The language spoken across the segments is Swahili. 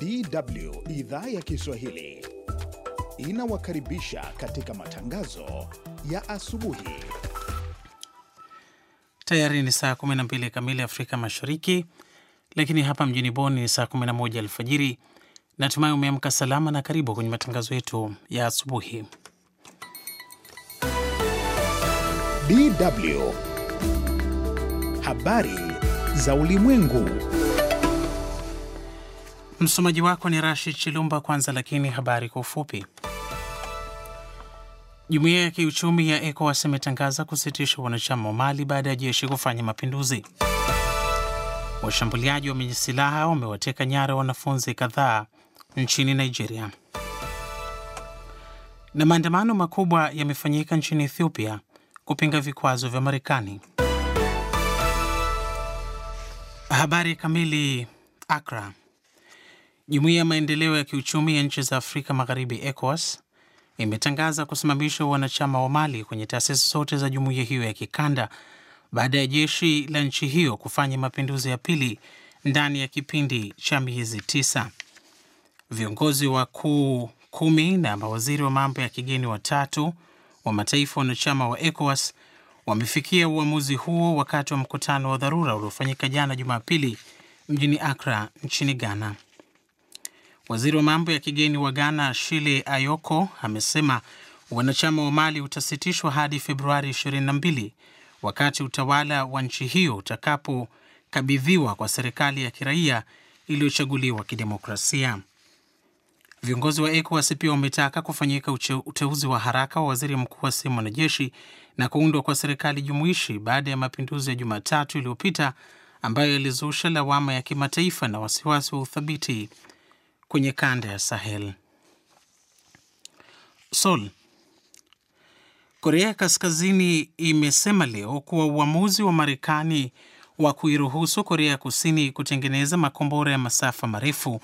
DW idhaa ya Kiswahili inawakaribisha katika matangazo ya asubuhi. Tayari ni saa 12 kamili Afrika Mashariki, lakini hapa mjini Bonn ni saa 11 alfajiri. Natumai umeamka salama na karibu kwenye matangazo yetu ya asubuhi. DW habari za ulimwengu Msomaji wako ni Rashid Chilumba. Kwanza lakini habari kwa ufupi. Jumuiya ya kiuchumi ya ECOWAS imetangaza kusitisha wanachama wa Mali baada ya jeshi kufanya mapinduzi. Washambuliaji wenye silaha wamewateka nyara wanafunzi kadhaa nchini Nigeria. Na maandamano makubwa yamefanyika nchini Ethiopia kupinga vikwazo vya Marekani. Habari kamili. Akra. Jumuiya ya maendeleo ya kiuchumi ya nchi za Afrika Magharibi, ECOWAS, imetangaza kusimamishwa wanachama wa Mali kwenye taasisi zote za jumuiya hiyo ya kikanda baada ya jeshi la nchi hiyo kufanya mapinduzi ya pili ndani ya kipindi cha miezi tisa. Viongozi wakuu kumi na mawaziri wa mambo ya kigeni watatu wa mataifa wanachama wa ECOWAS wamefikia uamuzi huo wakati wa mkutano wa dharura uliofanyika jana Jumapili mjini Akra nchini Ghana. Waziri wa mambo ya kigeni wa Ghana Shile Ayoko amesema wanachama wa Mali utasitishwa hadi Februari 22 wakati utawala wa nchi hiyo utakapokabidhiwa kwa serikali ya kiraia iliyochaguliwa kidemokrasia. Viongozi wa ECOWAS pia wametaka kufanyika uteuzi wa haraka wa waziri mkuu wa asiye wanajeshi na kuundwa kwa serikali jumuishi baada ya mapinduzi ya Jumatatu iliyopita ambayo yalizusha lawama ya kimataifa na wasiwasi wa uthabiti kwenye kanda ya Sahel. Seoul. Korea Kaskazini imesema leo kuwa uamuzi wa Marekani wa kuiruhusu Korea ya Kusini kutengeneza makombora ya masafa marefu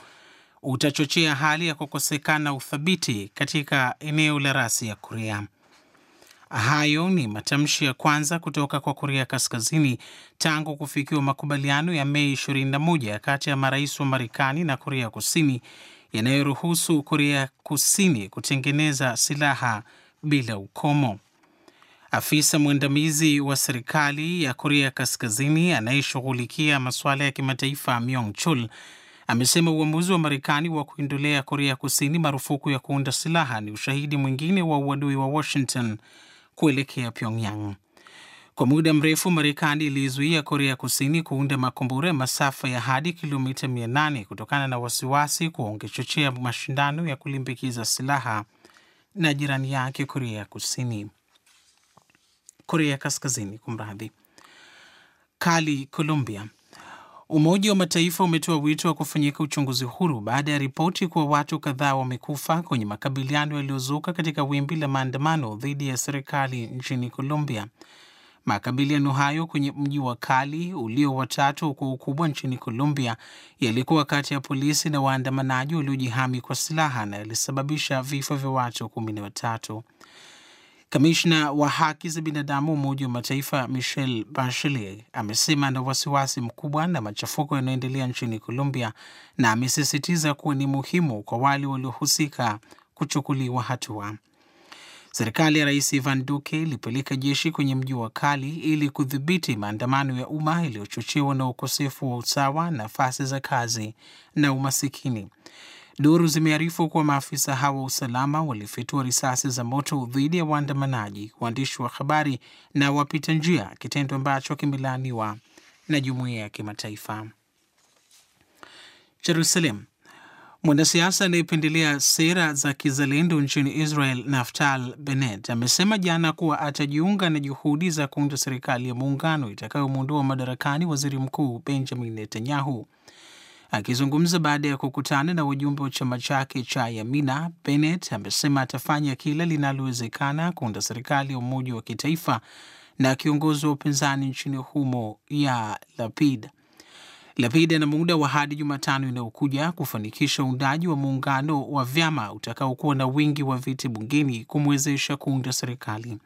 utachochea hali ya kukosekana uthabiti katika eneo la rasi ya Korea. Hayo ni matamshi ya kwanza kutoka kwa Korea Kaskazini tangu kufikiwa makubaliano ya Mei 21 kati ya marais wa Marekani na Korea Kusini yanayoruhusu Korea Kusini kutengeneza silaha bila ukomo. Afisa mwandamizi wa serikali ya Korea Kaskazini anayeshughulikia masuala ya kimataifa Myong Chul amesema uamuzi wa Marekani wa kuindolea Korea Kusini marufuku ya kuunda silaha ni ushahidi mwingine wa uadui wa Washington kuelekea Pyongyang. Kwa muda mrefu Marekani ilizuia Korea Kusini kuunda makombora ya masafa ya hadi kilomita 800 kutokana na wasiwasi kuongechochea mashindano ya kulimbikiza silaha na jirani yake Korea Kusini, Korea Kaskazini kumradhi. Kali Colombia Umoja wa Mataifa umetoa wito wa kufanyika uchunguzi huru baada ya ripoti kuwa watu kadhaa wamekufa kwenye makabiliano yaliyozuka katika wimbi la maandamano dhidi ya serikali nchini Colombia. Makabiliano hayo kwenye mji wa Cali ulio watatu kwa ukubwa nchini Colombia yalikuwa kati ya polisi na waandamanaji waliojihami kwa silaha na yalisababisha vifo vya watu kumi na watatu. Kamishna wa haki za binadamu Umoja wa Mataifa michel Bachelet amesema ana wasiwasi mkubwa na machafuko yanayoendelea nchini Colombia na amesisitiza kuwa ni muhimu kwa wale waliohusika kuchukuliwa hatua. Serikali ya Rais Ivan Duque ilipeleka jeshi kwenye mji wa Cali ili kudhibiti maandamano ya umma yaliyochochewa na ukosefu wa usawa, nafasi za kazi na umasikini. Duru zimearifu kuwa maafisa hao wa usalama walifyatua risasi za moto dhidi ya waandamanaji, waandishi wa habari na wapita njia, kitendo ambacho kimelaaniwa na jumuiya ya kimataifa. Jerusalem. Mwanasiasa anayependelea sera za kizalendo nchini Israel, Naftali Bennett, amesema jana kuwa atajiunga na juhudi za kuunda serikali ya muungano itakayomwondoa madarakani waziri mkuu Benjamin Netanyahu. Akizungumza baada ya kukutana na wajumbe wa chama chake cha Yamina, Bennett amesema atafanya kila linalowezekana kuunda serikali ya umoja wa kitaifa na kiongozi wa upinzani nchini humo ya Lapid. Lapid ana muda wa hadi Jumatano inayokuja kufanikisha uundaji wa muungano wa vyama utakaokuwa na wingi wa viti bungeni kumwezesha kuunda serikali.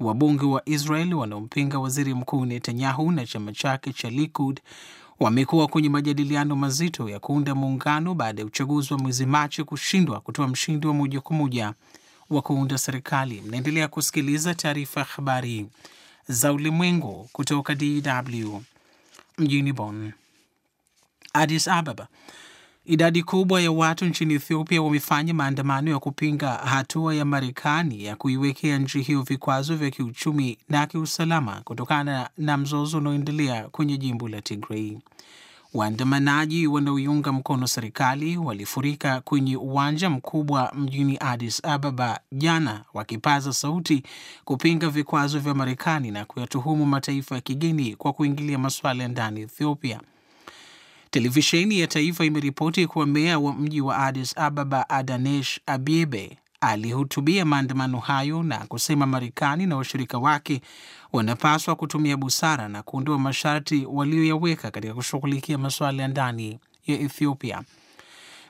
Wabunge wa Israel wanaompinga waziri mkuu Netanyahu na chama chake cha Likud wamekuwa kwenye majadiliano mazito ya kuunda muungano baada ya uchaguzi wa mwezi Machi kushindwa kutoa mshindi wa moja kwa moja wa kuunda serikali. Mnaendelea kusikiliza taarifa ya habari za ulimwengu kutoka DW mjini Bonn. Addis Ababa Idadi kubwa ya watu nchini Ethiopia wamefanya maandamano ya kupinga hatua ya Marekani ya kuiwekea nchi hiyo vikwazo vya kiuchumi na kiusalama kutokana na mzozo unaoendelea kwenye jimbo la Tigrei. Waandamanaji wanaoiunga mkono serikali walifurika kwenye uwanja mkubwa mjini Addis Ababa jana, wakipaza sauti kupinga vikwazo vya Marekani na kuyatuhumu mataifa ya kigeni kwa kuingilia masuala ya ndani Ethiopia. Televisheni ya taifa imeripoti kuwa meya wa mji wa Addis Ababa Adanesh Abiebe alihutubia maandamano hayo na kusema Marekani na washirika wake wanapaswa kutumia busara na kuondoa masharti walioyaweka katika kushughulikia masuala ya ndani ya Ethiopia.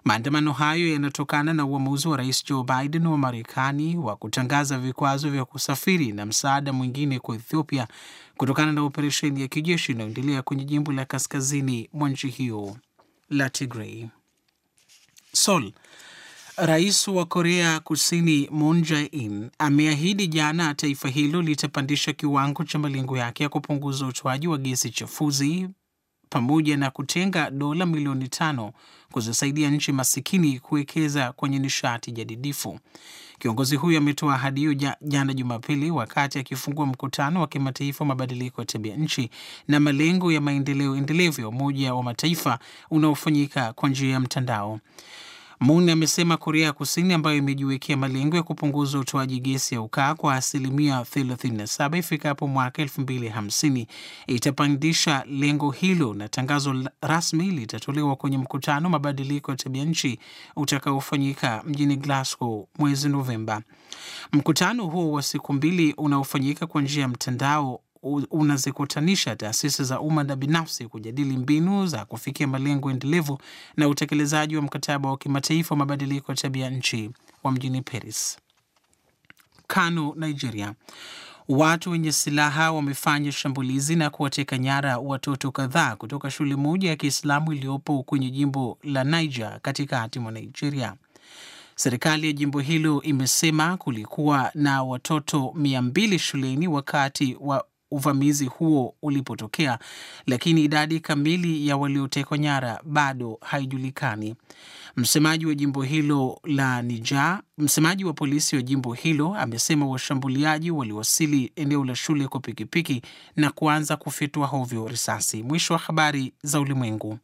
Maandamano hayo yanatokana na uamuzi wa rais Joe Biden wa Marekani wa kutangaza vikwazo vya kusafiri na msaada mwingine kwa Ethiopia kutokana na operesheni ya kijeshi inayoendelea kwenye jimbo la kaskazini mwa nchi hiyo la Tigray. Seoul. Rais wa Korea Kusini Moon Jae-in ameahidi jana taifa hilo litapandisha kiwango cha malengo yake ya kupunguza utoaji wa gesi chafuzi pamoja na kutenga dola milioni tano kuzisaidia nchi masikini kuwekeza kwenye nishati jadidifu. Kiongozi huyo ametoa ahadi hiyo jana Jumapili wakati akifungua mkutano wa kimataifa wa mabadiliko ya tabia nchi na malengo ya maendeleo endelevu ya Umoja wa Mataifa unaofanyika kwa njia ya mtandao. Moon amesema Korea ya Kusini ambayo imejiwekea malengo ya kupunguza utoaji gesi ya ukaa kwa asilimia 37 ifikapo mwaka 2050 itapandisha lengo hilo, na tangazo rasmi litatolewa kwenye mkutano mabadiliko ya tabia nchi utakaofanyika mjini Glasgow mwezi Novemba. Mkutano huo wa siku mbili unaofanyika kwa njia ya mtandao unazikutanisha taasisi za umma na binafsi kujadili mbinu za kufikia malengo endelevu na utekelezaji wa mkataba wa kimataifa wa mabadiliko ya tabia nchi wa mjini Paris. Kano, Nigeria. Watu wenye silaha wamefanya shambulizi na kuwateka nyara watoto kadhaa kutoka shule moja ya Kiislamu iliyopo kwenye jimbo la Niger katikati mwa Nigeria. Serikali ya jimbo hilo imesema kulikuwa na watoto 2 shuleni wakati wa uvamizi huo ulipotokea, lakini idadi kamili ya waliotekwa nyara bado haijulikani. Msemaji wa jimbo hilo la Niger, msemaji wa polisi wa jimbo hilo amesema washambuliaji waliwasili eneo la shule kwa pikipiki na kuanza kufyatua hovyo risasi. Mwisho wa habari za ulimwengu.